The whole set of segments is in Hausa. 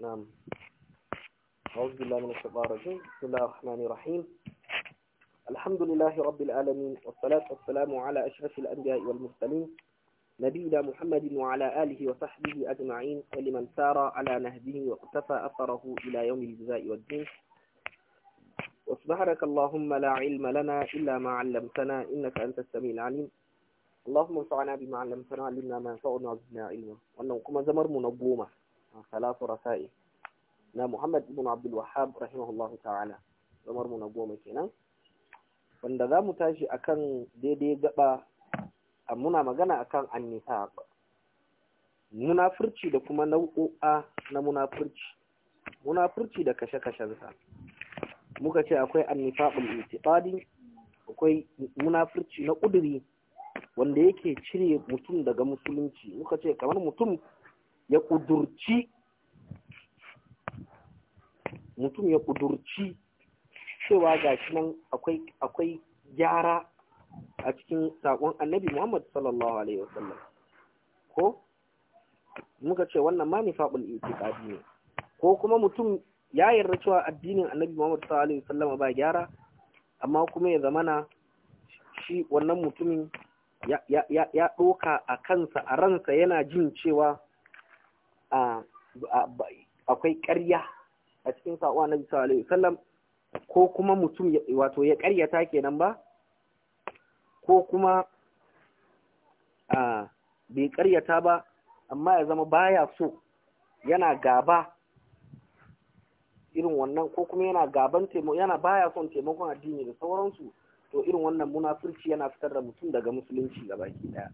نعم أعوذ بالله من الشيطان الرجيم بسم الله الرحمن الرحيم الحمد لله رب العالمين والصلاة والسلام على أشرف الأنبياء والمرسلين نبينا محمد وعلى آله وصحبه أجمعين ولمن سار على نهجه واقتفى أثره إلى يوم الجزاء والدين وسبحانك اللهم لا علم لنا إلا ما علمتنا إنك أنت السميع العليم اللهم انفعنا بما علمتنا علمنا ما ينفعنا وزدنا علما وأنه كما زمر منظومة ثلاث رسائل na Muhammad ibn Abdul Wahhab rahimahullahu ta'ala kamar mu na goma kenan wanda za mu tashi akan daidai gaba muna magana akan annifaq munafurci da kuma nau'o'a na munafurci munafurci da kashe-kashensa muka ce akwai annifaqul itiqadi akwai munafurci na kuduri wanda yake cire mutum daga musulunci muka ce kamar mutum ya kudurci mutum ya ƙudurci cewa ga shi nan akwai gyara a cikin saƙon annabi Muhammad sallallahu Alaihi wasallam ko muka ce wannan ma nifaɓul itiƙadi ne ko kuma mutum ya yarda cewa addinin annabi Muhammad sallallahu Alaihi wasallam ba gyara amma kuma ya zamana shi wannan mutumin ya ɗoka a kansa a ransa yana jin cewa akwai ƙarya a cikin sa'uwa na bisa alaihi sallam ko kuma mutum wato ya ƙaryata kenan ba ko kuma bai ƙaryata ba amma ya zama baya so yana gaba irin wannan ko kuma yana gaban taimako yana baya son taimakon addini da sauransu to irin wannan munafurci yana fitar da mutum daga musulunci gabaki daya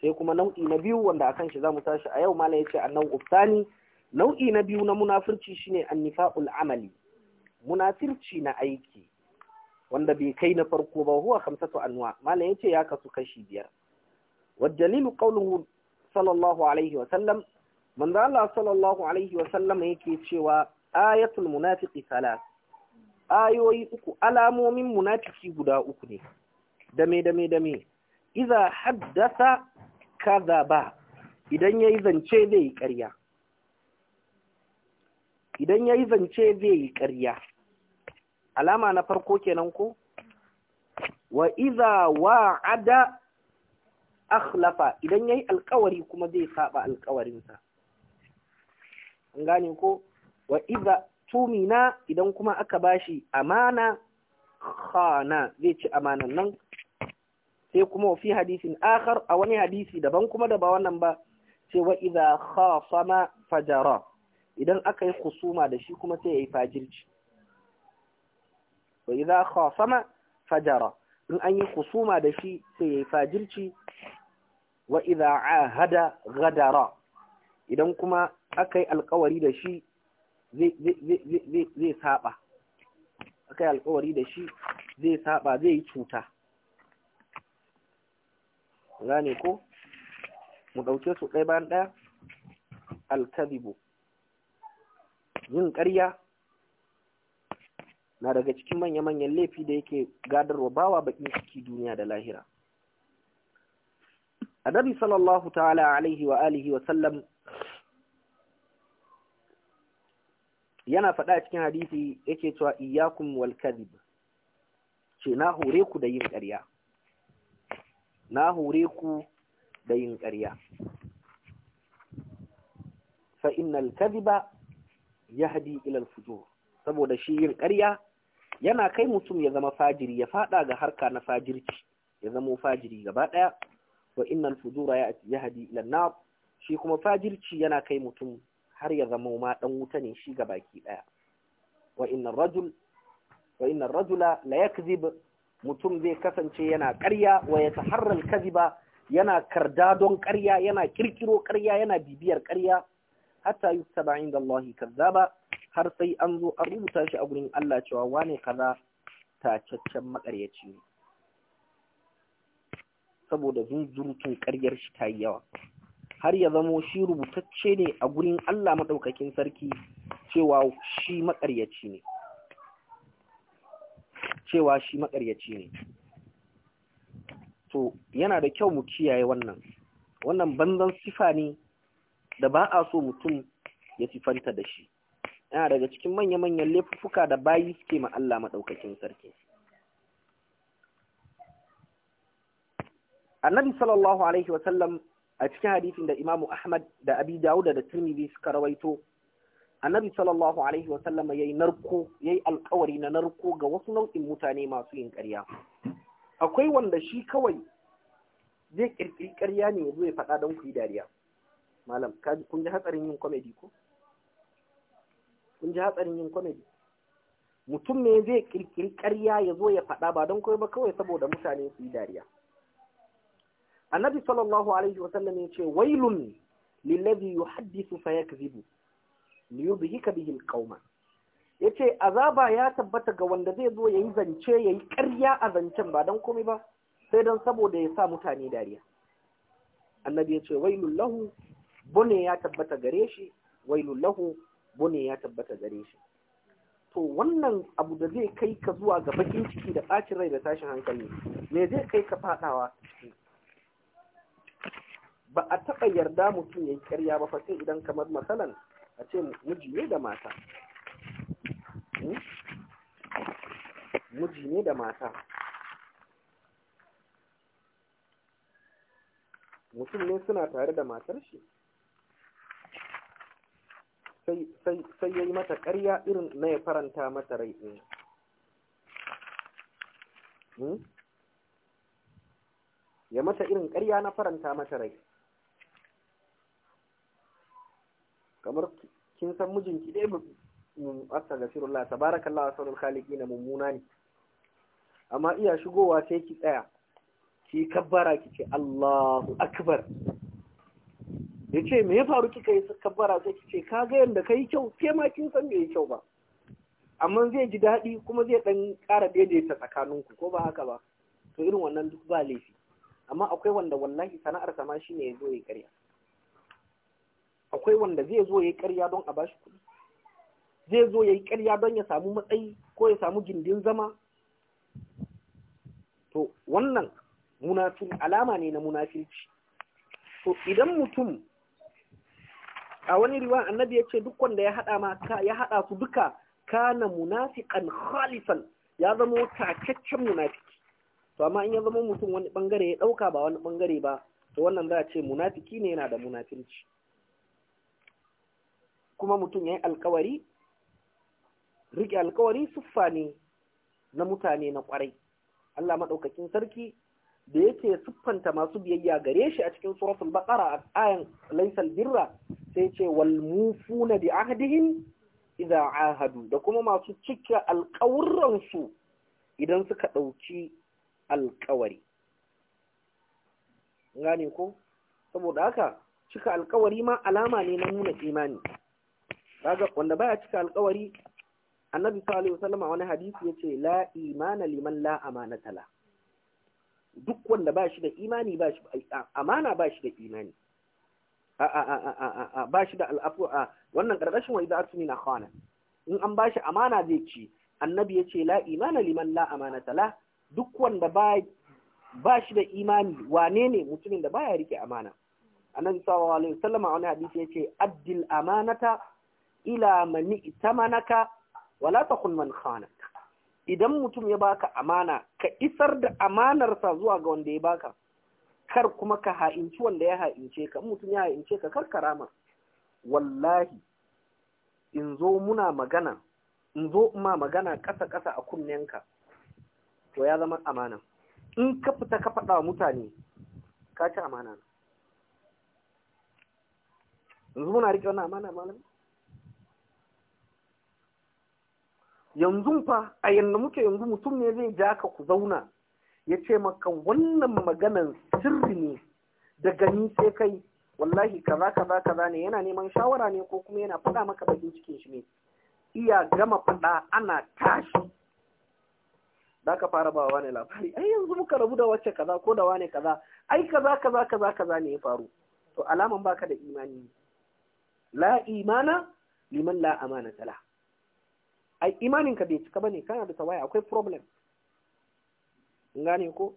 sai kuma nau'i na biyu wanda a kan shi za mu tashi a yau malam yace annan uftani nau'i na biyu na munafirci shine annifaqul amali munafirci na aiki wanda bai kai na farko ba huwa khamsatu anwa malam yace ya kasu kashi biyar wa dalilu qawluhu sallallahu alaihi wa sallam manzo Allah sallallahu alaihi wa sallam yake cewa ayatul munafiqi salat ayoyi uku alamomin munafiki guda uku ne dame dame dame iza haddasa Kaza ba idan yayi zance zai yi ƙarya idan yayi zance zai yi ƙarya alama na farko kenan ko wa wa ada akhlafa idan yayi alkawari kuma zai saba alkawarinsa an gane ko wa iza tumina idan kuma aka bashi amana khana zai ci amanan nan sai kuma fi hadisin akhar a wani hadisi daban kuma da ba wannan ba sai wa idza khasama fajara idan aka yi khusuma da shi kuma sai yayi fajirci wa idza khasama fajara in an yi khusuma da shi sai yayi fajirci wa idza ahada ghadara idan kuma aka yi alkawari da shi zai saba aka yi alkawari da shi zai saba zai yi cuta gane ko mu ɗauke su ɗaya bayan ɗaya alkazibu yin ƙarya na daga cikin manya-manyan laifi da yake gadarwa bawa bakin ciki duniya da lahira annabi sallallahu ta'ala alaihi wa alihi wa sallam yana faɗa cikin hadisi yake cewa iyyakum wal kadhib ce na hore ku da yin ƙarya na hore ku da yin ƙarya fa innal kadhiba yahdi ila al-fujur saboda shi yin ƙarya yana kai mutum ya zama fajiri ya fada ga harka na fajirci ya zama fajiri gaba daya wa innal fujura yahdi ila an-nar shi kuma fajirci yana kai mutum har ya zama ma dan wuta ne shi ki daya wa innal rajul wa innal rajula la yakzib mutum zai kasance yana ƙarya wa ya taharral kaziba yana karda don ƙarya yana kirkiro ƙarya yana bibiyar ƙarya hatta yustaba da Allah kazaba har sai an zo an rubuta shi a gurin Allah cewa wane kaza tacaccen makaryaci ne saboda zunzurutun ƙaryar shi ta yi yawa har ya zamo shi rubutacce ne a gurin Allah maɗaukakin sarki cewa shi maƙaryaci ne cewa shi makaryaci ne to yana da kyau mu kiyaye wannan wannan banzan sifa ne da ba a so mutum ya sifanta da shi yana daga cikin manya-manyan laifuka da bayi suke ma Allah maɗaukakin sarki annabi sallallahu alaihi wasallam a cikin hadisin da imamu ahmad da abi dawuda da tirmidhi suka rawaito annabi sallallahu alaihi wa sallama yayi narko yayi alƙawari na narko ga wasu nau'in mutane masu yin ƙarya akwai wanda shi kawai zai kirkiri ƙarya ne yazo ya faɗa don ku yi dariya malam kun ji hatsarin yin comedy ko kun ji hatsarin yin comedy mutum ne zai kirkiri ƙarya ya zo ya faɗa ba don kawai ba kawai saboda mutane su yi dariya annabi sallallahu alaihi wa sallam ya ce wailun lillazi yuhaddisu fa liyubhika bihi qauma yace azaba ya tabbata ga wanda zai zo yayi zance yayi ƙarya a zancen ba dan komai ba sai dan saboda ya sa mutane dariya annabi yace wailul lahu bune ya tabbata gare shi wailul lahu bune ya tabbata gare shi to wannan abu da zai kai ka zuwa ga bakin ciki da bacin rai da tashin hankali me zai kai ka fadawa ba a taɓa yarda mutum ya yi ƙarya ba fa sai idan kamar masalan a ce miji ne da mata hmm? miji ne da mata mutum ne suna tare da matar shi sai ya yi mata ƙarya irin na ya faranta mata rai ɗin hmm? ya mata irin ƙarya na faranta mata rai kamar kin san mijinki dai astaghfirullah tabarakallahu asrul khaliqina mummuna ne amma iya shigowa sai ki tsaya ki kabbara ki ce Allahu akbar yace me ya faru kika yi kabbara sai ki ce ka ga yanda kai kyau sai ma kin san me kyau ba amma zai ji daɗi kuma zai ɗan ƙara daidaita tsakaninku ko ba haka ba to irin wannan duk ba laifi amma akwai wanda wallahi sana'ar sama shine ya zo ya karya akwai wanda zai zo ya yi ƙarya don a bashi kuɗi zai zo ya yi ƙarya don ya samu matsayi ko ya samu gindin zama to wannan munafin alama ne na munafirci to idan mutum a wani riwa annabi ya ce duk wanda ya haɗa ma ya haɗa su duka kana munafikan khalisan ya zama takaccen munafiki to amma in ya zama mutum wani bangare ya ɗauka ba wani bangare ba to wannan za a ce munafiki ne yana da munafirci kuma mutum ya yi alkawari riƙe alkawari siffa ne na mutane na ƙwarai Allah maɗaukakin sarki da yake siffanta masu biyayya gare shi a cikin suratul baƙara a ayan laysal birra sai ce wal mufuna bi ahdihim idza ahadu da kuma masu cika alƙawurran idan suka ɗauki alƙawari gane ko saboda haka cika alƙawari ma alama ne na nuna imani kaga wanda baya cika alkawari annabi sallallahu alaihi wasallam wani hadisi yace la imana liman la amanata la duk wanda ba shi da imani ba shi amana ba shi da imani a a a a ba shi da al'afu a wannan karkashin wa idza atmina khana in an ba shi amana zai ci annabi yace la imana liman la amanata la duk wanda ba ba shi da imani wane ne mutumin da baya rike amana annabi sallallahu alaihi wasallam a wani hadisi yace addil amanata ila mani itamanaka wala takun man khanak idan mutum ya baka amana ka isar da amanar sa zuwa ga wanda ya baka kar kuma ka ha'inci wanda ya ha'ince ka mutum ya ha'ince ka kar karama wallahi in zo muna magana in zo ma magana ƙasa ƙasa a kunnenka to ya zama amana in ka fita ka faɗa mutane ka ci amana yanzu muna riƙe wannan amana malami yanzu fa a yanda muke yanzu mutum ne zai ja ka ku zauna ya ce maka wannan maganan sirri ne da gani sai kai wallahi kaza kaza kaza ne yana neman shawara ne ko kuma yana faɗa maka bakin cikin shi ne iya gama faɗa ana tashi da ka fara ba wani labari ai yanzu muka rabu da wacce kaza ko da wani kaza ai kaza kaza kaza kaza ne ya faru to alaman baka da imani la imana liman la amana tala ai imaninka bai cika bane kana da tawaya akwai problem gane ko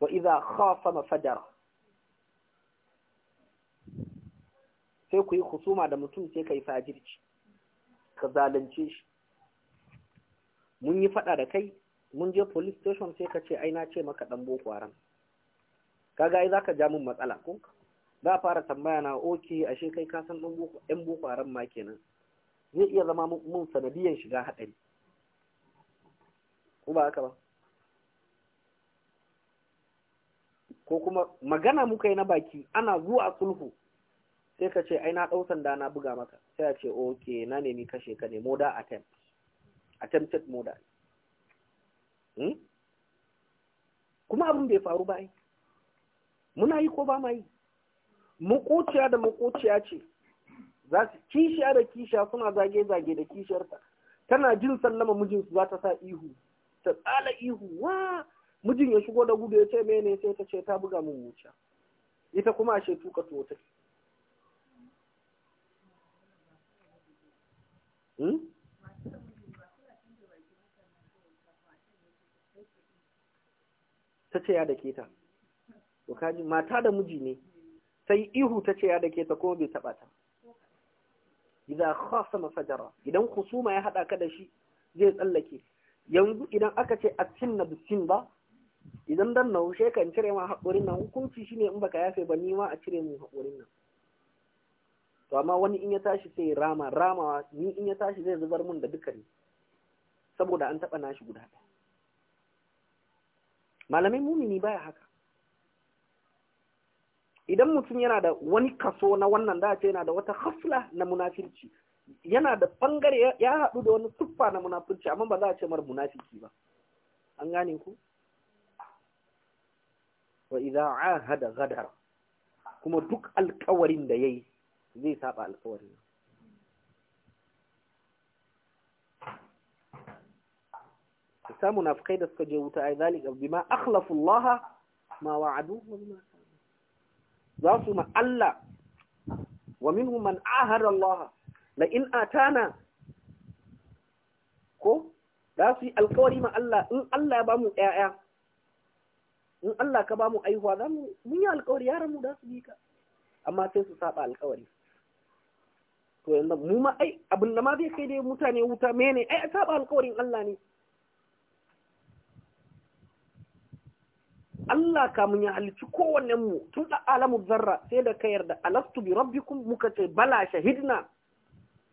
wa idza khasama fajara sai ku yi husuma da mutum sai kai fajirci ka zalunce shi mun yi fada da kai mun je police station sai ka ce aina ce maka dan boko haram kaga ai zaka ja mun matsala ko za fara tambaya na oke ashe kai ka san dan boko haram ma kenan zai iya zama mun sanadiyan shiga haɗari ko ba haka ba ko kuma magana muka yi na baki ana zuwa sulhu sai ka ce ai na ɗau sanda na buga maka sai a ce ok na nemi kashe ka ne moda attempt attempted moda hmm? kuma abin bai faru ba ai muna yi ko ba ma yi makociya da makociya ce za su kishiya da kishiya suna zage-zage da kishiyarta tana jin sallama mijinsu za ta sa ihu ta tsala ihu wa mijin ya shigo da gudu ya ce mene sai ta ce ta buga min wuce?" ita kuma ashe tuka tuwo take hmm? ta ce ya da ke ta kaji mata da miji ne sai ihu ta ce ya da ke ta kuma bai taɓa ta idza khasama fajara idan husuma ya hada ka da shi zai tsallake yanzu idan aka ce atin na bisin ba idan dan na hushe kan cire ma hakurin nan hukunci shine in baka yafe ba ni ma a cire mu hakurin nan to amma wani in ya tashi sai rama ramawa ni in ya tashi zai zubar mun da dukkan saboda an taba nashi guda ɗaya malamin mumini baya haka idan mutum yana da wani kaso na wannan da ce yana da wata hasla na munafirci yana da bangare ya haɗu da wani siffa na munafirci amma ba za a ce mar munafiki ba an gane ku wa idza ahada ghadar kuma duk alkawarin da yayi zai saba alƙawarin. ta munafukai da suka je wuta ai zalika bima akhlafu allaha ma wa'adu wa bima za su ma Allah wa min man ahada Allah da in atana ko za su yi alkawari ma Allah in Allah ya bamu ƴaƴa in Allah ka bamu aihuwa za mu mun yi alkawari yaran mu za su bi ka amma sai su saba alkawari to yanzu mu ma ai abin da ma zai kai dai mutane wuta mene ai saba alkawarin Allah ne Allah kamun ya halicci kowanne mu tun da alamu zarra sai da ka yarda alastu bi rabbikum muka ce bala shahidna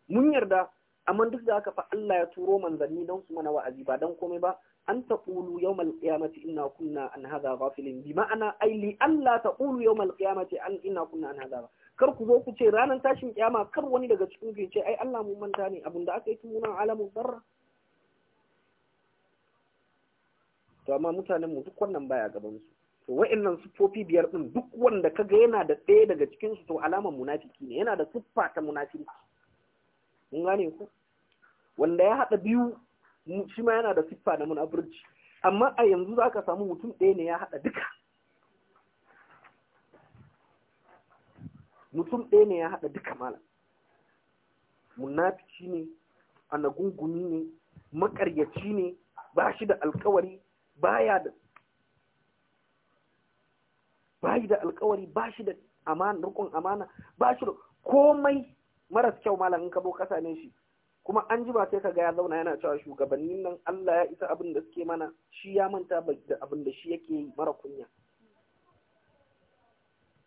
mun yarda amma duk da haka fa Allah ya turo manzanni don su mana wa'azi ba dan komai ba an taqulu yawmal qiyamati inna kunna an hadha ghafilin bi ma'ana ai li Allah taqulu yawmal qiyamati an inna kunna an hadha kar ku zo ku ce ranar tashin kiyama kar wani daga cikin ku ce ai Allah mun manta ne abinda aka yi tun muna alamu zarra to amma mutanen mu duk wannan baya gaban su to wa'annan sifofi biyar din duk wanda kaga yana da ɗaya daga cikin su to alaman munafiki ne yana da siffa ta munafiki mun gane ku wanda ya hada biyu shi ma yana da siffa na munafurci amma a yanzu za ka samu mutum ɗaya ne ya hada duka mutum ɗaya ne ya hada duka malam munafici ne a nagungumi ne makaryaci ne ba shi da alkawari baya da da alkawari ba shi da amana rukun amana ba shi da komai maras kyau malam in ka bo kasa shi kuma an ji ba sai ka ga ya zauna yana cewa shugabannin nan Allah ya isa abin da suke mana shi ya manta da abin da shi yake yi mara kunya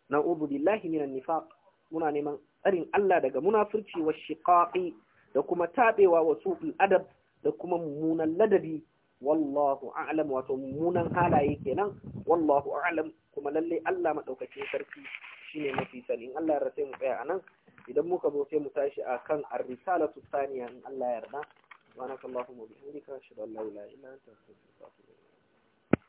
na'udhu billahi minan nifaq muna neman tsarin Allah daga munafurci wa shiqaqi da kuma tabewa wa su'il adab da kuma mummunan ladabi wallahu a'lam wato mummunan halaye kenan wallahu a'lam kuma lalle Allah madaukakin sarki shine mafi sani in Allah ya rasa mu tsaya anan idan muka zo sai mu tashi akan ar-risalatu thaniya in Allah ya yarda subhanakallahumma wa bihamdika ashhadu an la ilaha illa anta astaghfiruka wa atubu